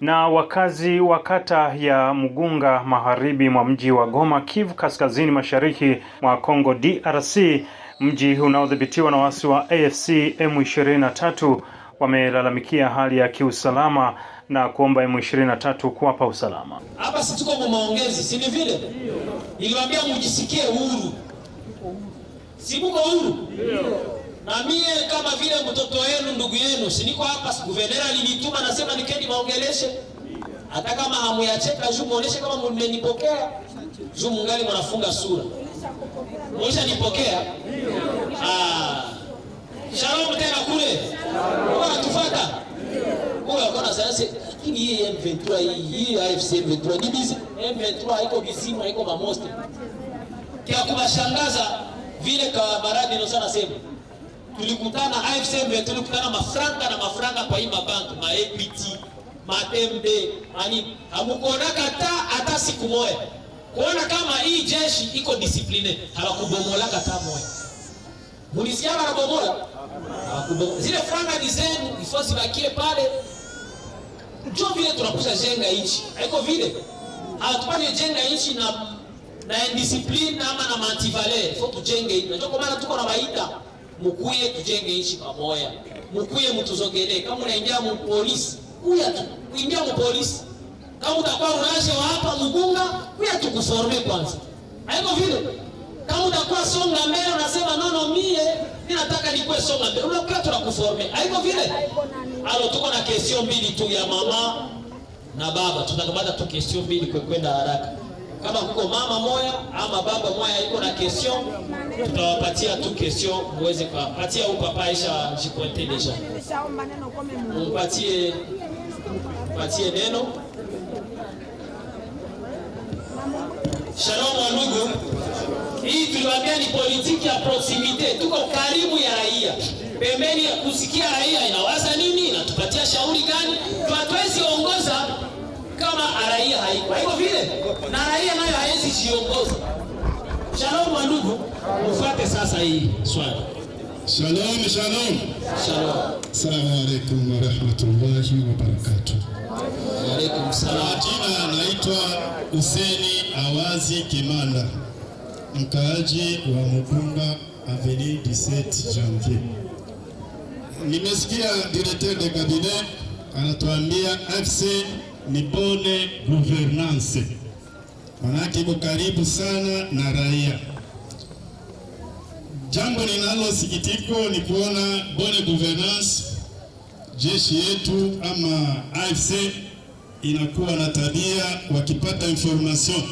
Na wakazi wa kata ya Mugunga magharibi mwa mji wa Goma, Kivu kaskazini mashariki mwa congo DRC, mji unaodhibitiwa na waasi wa AFC M23, wamelalamikia hali ya kiusalama na kuomba M23 kuwapa usalama. Hapa si tuko kwa maongezi, si ni vile niliwaambia mjisikie huru, si huru? na mie kama vile mtoto wenu, ndugu yenu, si niko hapa? Guvernera alinituma nasema nikeni maongeleshe, hata kama hamuyacheka juu muoneshe kama mmenipokea juu mungali mnafunga sura mwisha nipokea. Ah, shalom tena kule tufata kwa na sasa, lakini hii M23 hii AFC M23 ni bizi. M23 haiko bizimu, haiko mamoste. Kia kubashangaza vile kabaradi sana sema tulikutana na AFC tulikutana mafranga na mafranga kwa hii mabank ma Equity ma MD ani hamukonaka hata hata siku moja, kuona kama hii jeshi iko discipline, hawakubomola hata moja. Mulisikia wanabomola? Hawakubomola. Zile franga ni zenu, ifo zibakie pale. Njoo vile tunakusha jenga nchi. Haiko vile. Hatupani jenga nchi na na indiscipline ama na mantivale. Ifo tujenge. Njoo kwa maana tuko na baita mkuye tujenge nchi pamoja, mkuye mtuzogelee. Kama unaingia mupolisi kuya kuingia mupolisi, kama utakuwa unashe wa hapa Mugunga kuya tukuforme kwanza, haiko vile. Kama utakuwa songa mbele unasema nono, mie ninataka nikuwe songa mbele, unakuwa tunakuforme, haiko vile. Alo, tuko na kesio mbili tu ya mama na baba, tunakamata tu kesio mbili kwa kwenda haraka. Kama huko mama moya ama baba moya iko na question, tutawapatia tu question muweze kupatia au papa isha jipote deja. Mpatie mpatie neno. Shalom ndugu. Hii tuliwaambia ni politiki ya proximite. Tuko karibu ya raia. Pembeni ya kusikia raia inawaza nini, inatupatia shauri gani? tuatwezi ongoza kama araia haiko haiko vile, na raia nayo haezi jiongoza. Shalom wa ndugu, ufuate sasa hii swali. Shalom, shalom, shalom. Salamu alaykum wa rahmatullahi wa barakatuh. Wa alaykum salaam. Jina naitwa Huseni Awazi Kimanda, mkaaji wa Mubunga Avenue 17 Janvier. Nimesikia directeur de cabinet anatuambia FC ni pole governance, manake iko karibu sana na raia. Jambo linalo sikitiko ni kuona bone governance jeshi yetu ama AFC inakuwa na tabia, wakipata information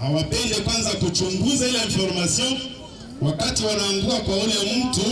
hawapende kwanza kuchunguza ile information. Wakati wanaangua kwa ule mtu,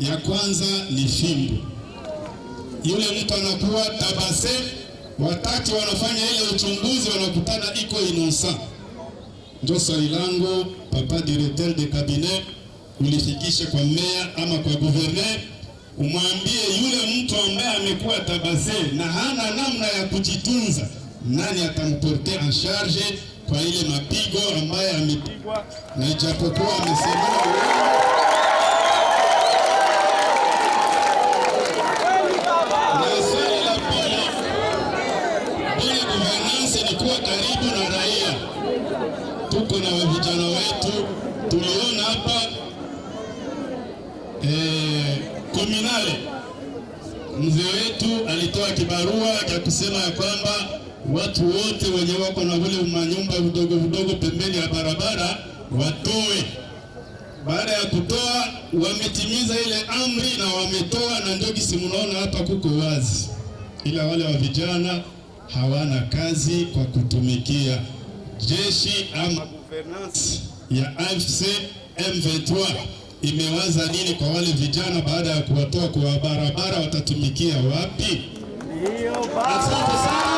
ya kwanza ni fimbo, yule mtu anakuwa tabase wakati wanafanya ile uchunguzi wanakutana iko inosa. Ndio swali langu, papa directeur de cabinet, ulifikishe kwa meya ama kwa gouverneur, umwambie yule mtu ambaye amekuwa tabase na hana namna ya kujitunza, nani atamporte en charge kwa ile mapigo ambaye amepigwa, na ijapokuwa amesema ila wale wa vijana hawana kazi kwa kutumikia jeshi ama governance ya AFC M23 imewaza nini kwa wale vijana baada ya kuwatoa kwa barabara, watatumikia wapi? Asante sana.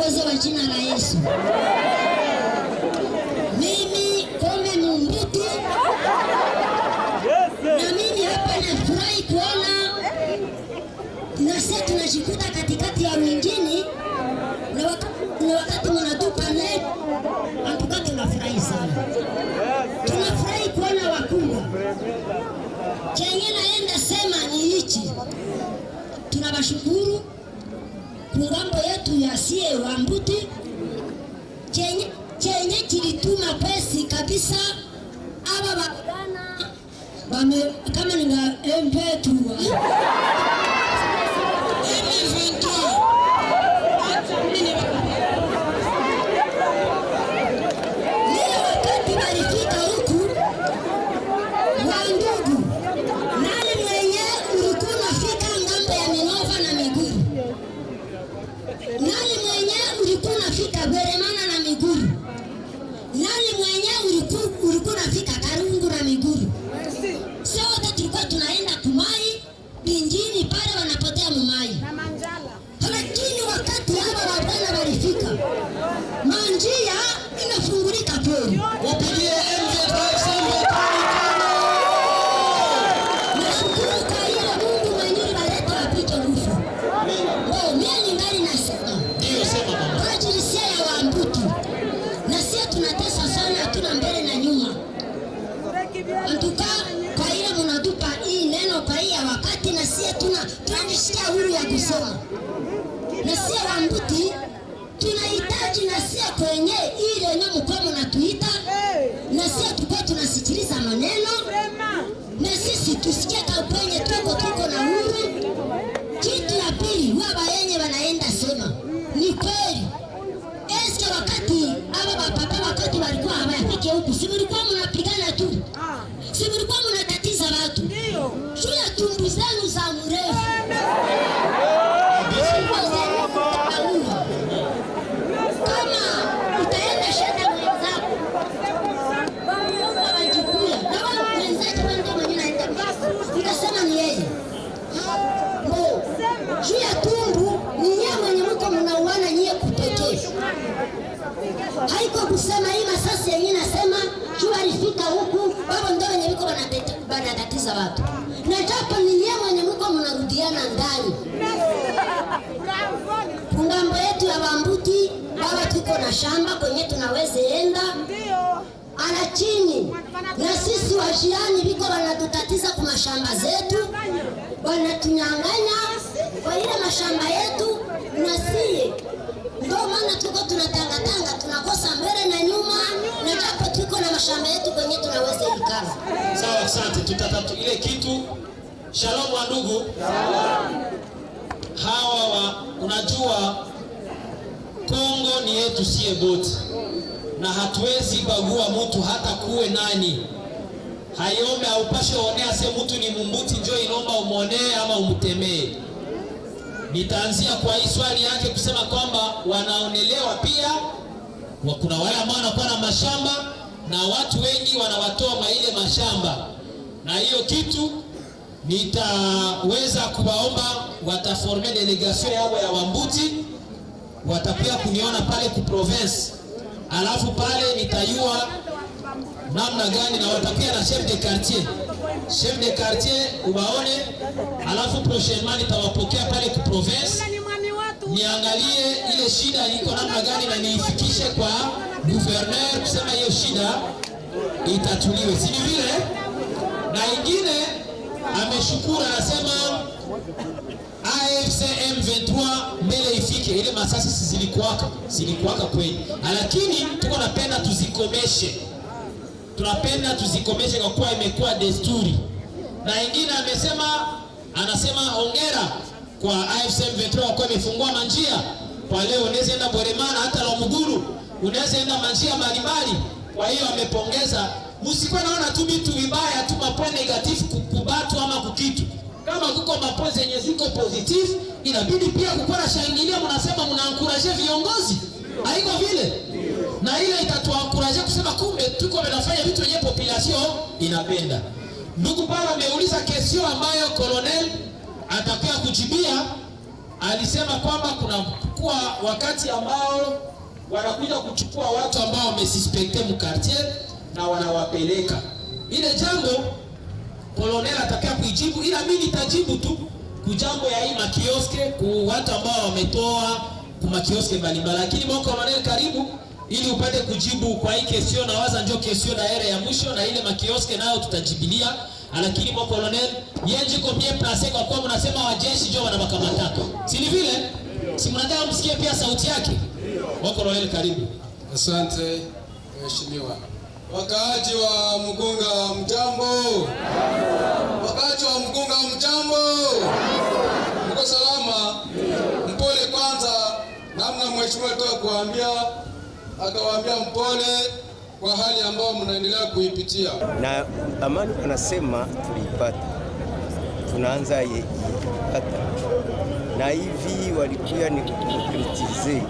uwezo wa jina la Yesu. Mimi Kombe ni na mimi hapa nafurahi kuona nasi tunajikuta katikati ya mingini, na wakati mnatupa net ambuka, tunafurahi sana, tunafurahi kuona wakubwa chenye naenda sema ni hichi, tunawashukuru tuyasiye wa mbuti chenye, chenye kilituma pesi kabisa aba bagana kama ninga empetua кисти. haiko kusema hii masasi yenyewe nasema jua lifika huku, baba ndio wenye liko wanatatiza watu, na japo ni yeye mwenye mko mnarudiana ndani kungambo yetu ya Bambuti. Baba, tuko na shamba kwenye tunaweza enda ana chini, na sisi wajirani viko wanatutatiza kwa mashamba zetu, wanatunyang'anya kwa ile mashamba yetu na sisi maana tuko tunatangatanga, tunakosa mbele na nyuma, na japo tuko na mashamba yetu kwenye tunaweza ikana. Sawa, asante. Tutapata ile kitu. Shalom wa ndugu hawa wa, unajua Kongo ni yetu, siye boti na hatuwezi bagua mtu hata kuwe nani haiombe, aupashe onea se mtu ni mumbuti njo inomba umwonee ama umtemee. Nitaanzia kwa hii swali yake kusema kwamba wanaonelewa pia, kuna wale ambao wanakuwa na mashamba na watu wengi wanawatoa maile mashamba, na hiyo kitu nitaweza kuwaomba wataforme delegation yao ya Wambuti, watakuja kuniona pale ku province, alafu pale nitajua namna gani na watakuja na chef de quartier chef de quartier ubaone, alafu prochainement nitawapokea pale ku province, niangalie ile shida iko namna gani na niifikishe kwa gouverneur kusema hiyo shida itatuliwe, si vile. Na ingine ameshukuru, anasema AFC M23 mbele ifike ile masasi zilikuwaka, zilikuwaka kweli, lakini tuko napenda tuzikomeshe tunapenda tuzikomeshe kwa kuwa imekuwa desturi. Na ingine amesema, anasema hongera kwa AFC M23 kwa imefungua manjia kwa leo, unaweza enda Bweremana hata la Muguru, unaweza enda manjia mbalimbali. Kwa hiyo amepongeza, msikuwa naona tu vitu vibaya tu mapoe negative kubatu ama kukitu kama kuko mapoe zenye ziko positive inabidi pia kukora shangilia, mnasema mnaankurajia viongozi, haiko vile na ile itatuankurajia kusema kumbe tuko tunafanya vitu yenye population inapenda. Ndugu Paulo ameuliza kesio ambayo colonel atakuwa kujibia, alisema kwamba kuna kuwa wakati ambao wanakuja kuchukua watu ambao wamesuspecte mkartier na wanawapeleka ile jambo. colonel atakuwa kujibu, ila mimi nitajibu tu kujambo ya hii makioske ku watu ambao wametoa kumakioske mbalimbali, lakini mwa kolonel, karibu ili upate kujibu kwa hii kesio na waza njo kesio daere ya mwisho na ile makioske nayo tutajibilia, ah, lakini mo colonel yenji yenjiko mie place kwa kuwa mnasema wajeshi jo wana makamataka si vile, si mnataka msikie pia sauti yake mo colonel. Karibu. Asante mheshimiwa. Wakaaji wa Mgunga mjambo, wakaaji wa Mgunga mjambo, mko salama? Mpole kwanza, namna mheshimiwa alitoka kuambia akawaambia mpole kwa hali ambayo mnaendelea kuipitia. Na amani anasema tuliipata, tunaanza yeipata, na hivi walikuya ni kukritize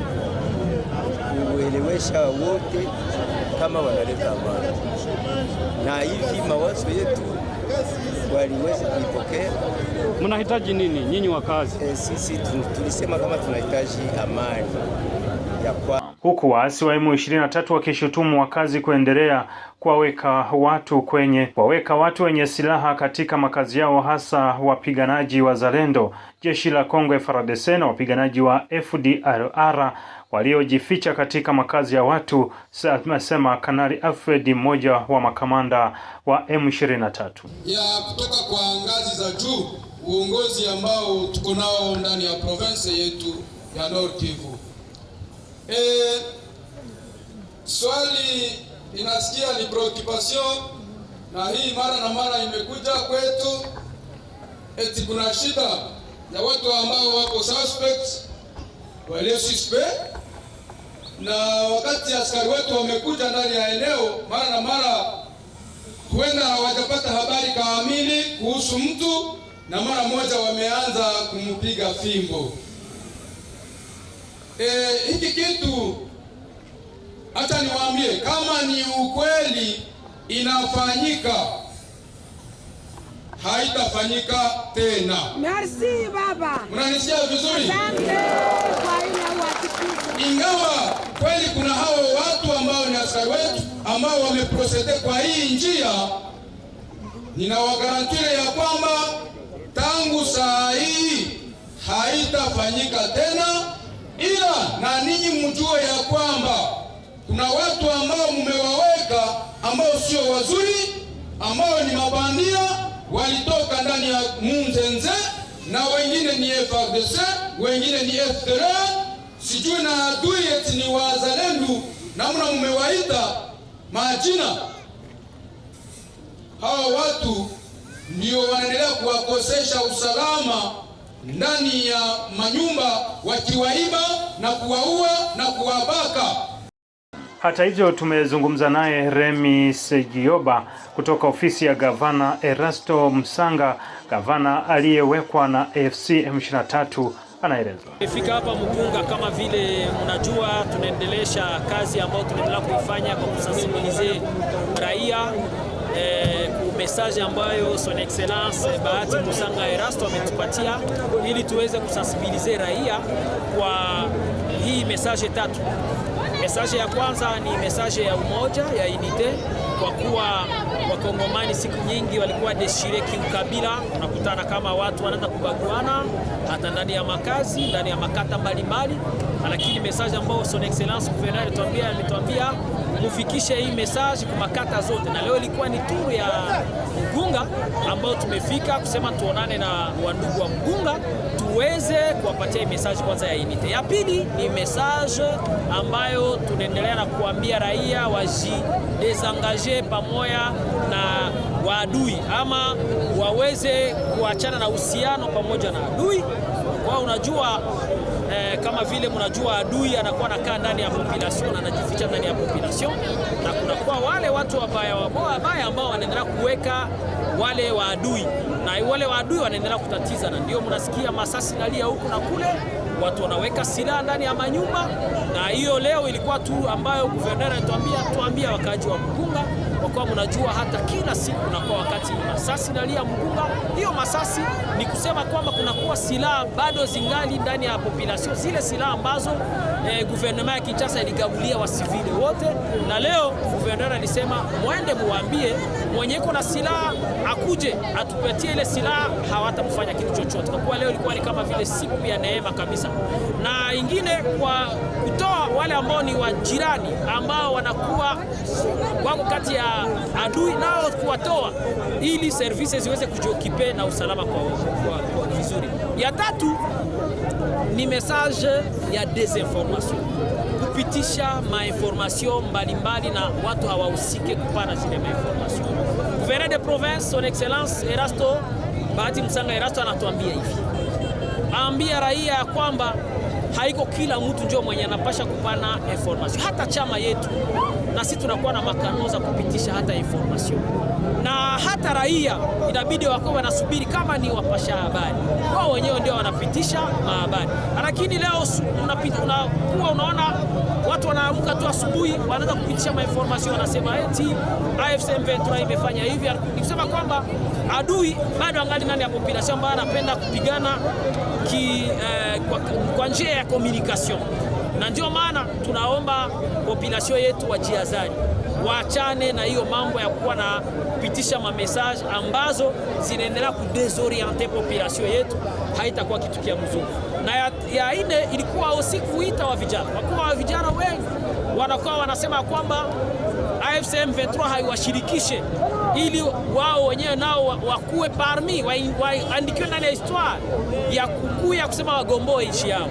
kuelewesha wote kama wanaleta amani, na hivi mawazo yetu waliweza kuipokea. Mnahitaji nini nyinyi wakazi? E, sisi tulisema kama tunahitaji amani ya kwa huku waasi wa M23 wakishutumu wakazi kuendelea kuwaweka watu kwenye kuwaweka watu wenye silaha katika makazi yao, hasa wapiganaji wa Zalendo, jeshi la Kongo FARDC na wapiganaji wa FDLR waliojificha katika makazi ya watu, amesema Kanali Alfred, mmoja wa makamanda wa M23 ya kutoka kwa ngazi za juu, uongozi ambao tuko nao ndani ya province yetu ya Nord Kivu. E, swali inasikia ni preoccupation, na hii mara na mara imekuja kwetu, eti kuna shida ya watu ambao wako suspect wale suspect, na wakati askari wetu wamekuja ndani ya eneo mara na mara, huenda hawajapata habari kamili kuhusu mtu, na mara moja wameanza kumpiga fimbo. E, hiki kitu hata niwaambie kama ni ukweli inafanyika, haitafanyika tena. Merci baba, mnanisikia vizuri? Ingawa kweli kuna hao watu ambao ni askari wetu ambao wameprosede kwa hii njia, ninawagarantia ya kwamba tangu saa hii haitafanyika tena ila na ninyi mjue ya kwamba kuna watu ambao mmewaweka ambao sio wazuri, ambao ni mabandia, walitoka ndani ya Munzenze na wengine ni FARDC, wengine ni FDR, sijui na adui eti ni wazalendu, namna mmewaita majina. Hawa watu ndio wanaendelea kuwakosesha usalama ndani ya manyumba wakiwaiba na kuwaua na kuwabaka. Hata hivyo, tumezungumza naye Remi Segioba kutoka ofisi ya gavana Erasto Msanga, gavana aliyewekwa na AFC M23 anaeleza tumefika hapa Mkunga, Kama vile mnajua, tunaendelesha kazi ambayo tunaendelea kuifanya kwa kusensibilize raia eh, message ambayo son excellence Bahati Musanga Erasto ametupatia ili tuweze kusensibilize raia kwa hii message tatu. Message ya kwanza ni message ya umoja ya unite, kwa kuwa wakongomani siku nyingi walikuwa deshire kiukabila. Unakutana kama watu wanaanza kubaguana hata ndani ya makazi, ndani ya makata mbalimbali, lakini message ambayo son excellence gouverneur ametuambia kufikisha hii message kwa makata zote, na leo ilikuwa ni turu ya Mgunga ambao tumefika kusema tuonane na wandugu wa Mgunga tuweze kuwapatia hii message kwanza ya inite. Ya pili ni message ambayo tunaendelea na kuambia raia wajidesangaje pamoja na waadui ama waweze kuachana na uhusiano pamoja na adui kwa unajua eh, kama vile mnajua adui anakuwa anakaa ndani ya population, anajificha ndani ya population, na kunakuwa wale watu wabaya wabaya ambao wanaendelea kuweka wale wa adui na wale wa adui wanaendelea kutatiza, na ndio mnasikia masasi nalia huku na kule, watu wanaweka silaha ndani ya manyumba. Na hiyo leo ilikuwa tu ambayo guvernera anatuambia tuambia wakaaji wa Mugunga kwa mnajua hata kila siku na kwa wakati masasi nalia mgunga, hiyo masasi ni kusema kwamba kunakuwa silaha bado zingali ndani ya population, zile silaha ambazo eh, guvernema ya Kinshasa iligabulia wasivili wote, na leo guverneur alisema mwende muambie mwenye iko na silaha akuje atupatie ile silaha, hawatamfanya kitu chochote, kwa kuwa leo ilikuwa ni kama vile siku ya neema kabisa, na ingine kwa kuto wale ambao ni wajirani ambao wanakuwa wako kati ya adui nao kuwatoa, ili services ziweze kujiokipe na usalama kwa, kwa, kwa vizuri. Ya tatu ni message ya desinformation, kupitisha mainformation mbalimbali na watu hawahusike kupana zile mainformation. Gouverneur de province son excellence Erasto Bahati Msanga Erasto anatuambia hivi, aambia raia ya kwamba haiko kila mtu ndio mwenye anapasha kupana information. Hata chama yetu na sisi tunakuwa na makano za kupitisha hata information, na hata raia inabidi wako wanasubiri kama ni wapasha habari wao wenyewe ndio wanapitisha mahabari, lakini leo unakuwa unaona watu wanaamka tu asubuhi, wanaanza kupitisha mainformasion wanasema eti eh, AFC M23 imefanya hivi, nikisema kwamba adui bado angali ndani ya population ambayo anapenda kupigana ki, eh, kwa, kwa njia ya communication, na ndio maana tunaomba population yetu wajihadhari, waachane na hiyo mambo ya kuwa na kupitisha mamessage ambazo zinaendelea kudesorienter population yetu, haitakuwa kitu kia mzuri na ya, ya nne ilikuwa usikuita wa vijana, kwa kuwa vijana wengi wanakuwa wanasema kwamba AFC M23 haiwashirikishe ili wao wenyewe nao wakuwe parmi waandikiwe ndani ya histoire ya kukuya kusema wagomboe nchi yao.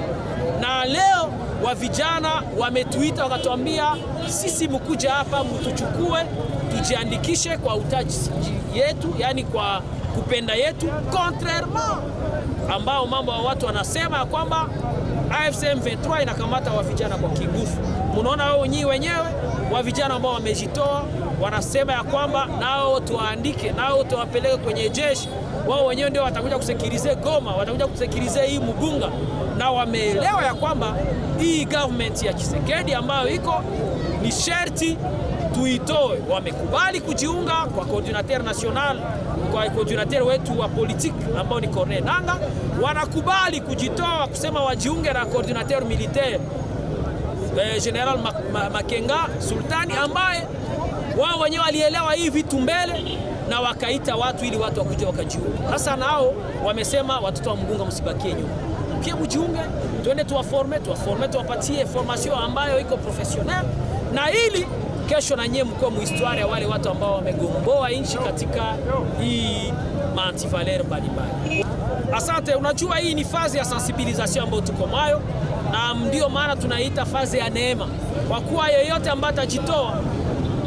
Na leo wa vijana wametuita wakatuambia, sisi mkuja hapa mtuchukue, tujiandikishe kwa utaji yetu, yani kwa kupenda yetu contrairement ambao mambo wa watu wanasema kwamba AFC M23 inakamata wa vijana kwa kingufu. Munaona wao nyi wenyewe wa vijana ambao wamejitoa wanasema ya kwamba nao tuwaandike, nao tuwapeleke kwenye jeshi. Wao wenyewe ndio watakuja kusekirize Goma, watakuja kusekirize hii mgunga na wameelewa ya kwamba hii government ya Chisekedi ambayo iko ni sherti tuitoe. Wamekubali kujiunga kwa coordinateur national kwa coordinator wetu wa politiki ambao ni Corneille nanga wanakubali kujitoa kusema wajiunge na coordinateur militaire eh, General Makenga Sultani ambaye wao wenyewe walielewa hii vitu mbele na wakaita watu ili watu wakuja wakajiunga. Sasa nao wamesema, watoto wa Mgunga msibakie nyuma, pia mjiunge, tuende tuwaforme, tuwaforme, tuwapatie formation ambayo iko professionnel na ili kesho na nyie mkuwa muhistoria wale watu ambao wamegomboa nchi katika hii maantivaler mbalimbali. Asante. Unajua, hii ni fazi ya sensibilisation ambayo tuko nayo, na ndio maana tunaita fazi ya neema, kwa kuwa yeyote ambaye atajitoa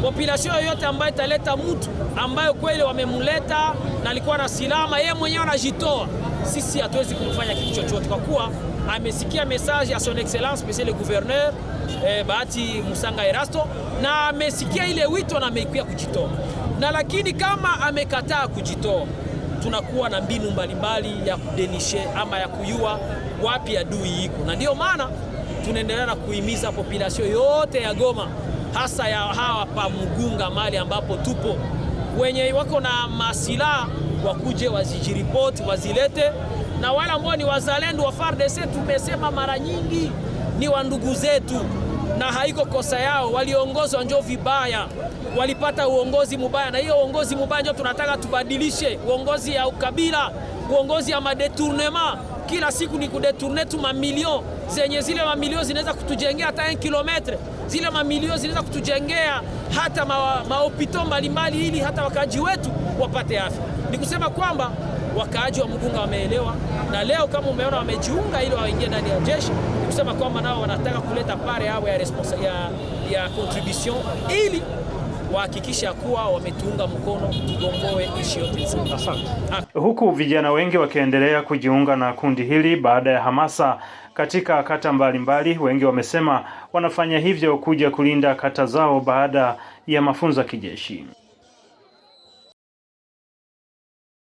population yoyote ambayo italeta mtu ambayo kweli wamemleta na alikuwa na silama yeye mwenyewe anajitoa, sisi hatuwezi kumfanya kitu chochote kwa kuwa amesikia message ya son excellence monsieur le gouverneur eh, Bahati Musanga Erasto na amesikia ile wito na amekuya kujitoa, na lakini kama amekataa kujitoa, tunakuwa na mbinu mbalimbali ya kudenishe ama ya kuyua wapi adui iko, na ndiyo maana tunaendelea na kuhimiza population yote ya Goma hasa ya hawa pa Mugunga mali ambapo tupo wenye wako na masilaha wakuje wazijiripoti wazilete na wale ambao ni wazalendo wa FARDC tumesema mara nyingi, ni wa ndugu zetu na haiko kosa yao. Waliongozwa njoo vibaya, walipata uongozi mubaya, na hiyo uongozi mubaya ndio tunataka tubadilishe. Uongozi ya ukabila, uongozi ya madetournema, kila siku ni kudetourne tu mamilion zenye zile mamilion zinaweza kutujengea hata kilometre zile mamilion zinaweza kutujengea hata mahopito ma mbalimbali, ili hata wakaji wetu wapate afya. Ni kusema kwamba wakaaji wa Mugunga wameelewa, na leo kama umeona wamejiunga ili waingie ndani ya jeshi, ni kusema kwamba nao wanataka kuleta pare yao ya, ya, ya contribution ili wahakikisha kuwa wametuunga mkono tugongoe nchi yote nzima. Huku vijana wengi wakiendelea kujiunga na kundi hili baada ya hamasa katika kata mbalimbali mbali, wengi wamesema wanafanya hivyo kuja kulinda kata zao baada ya mafunzo ya kijeshi.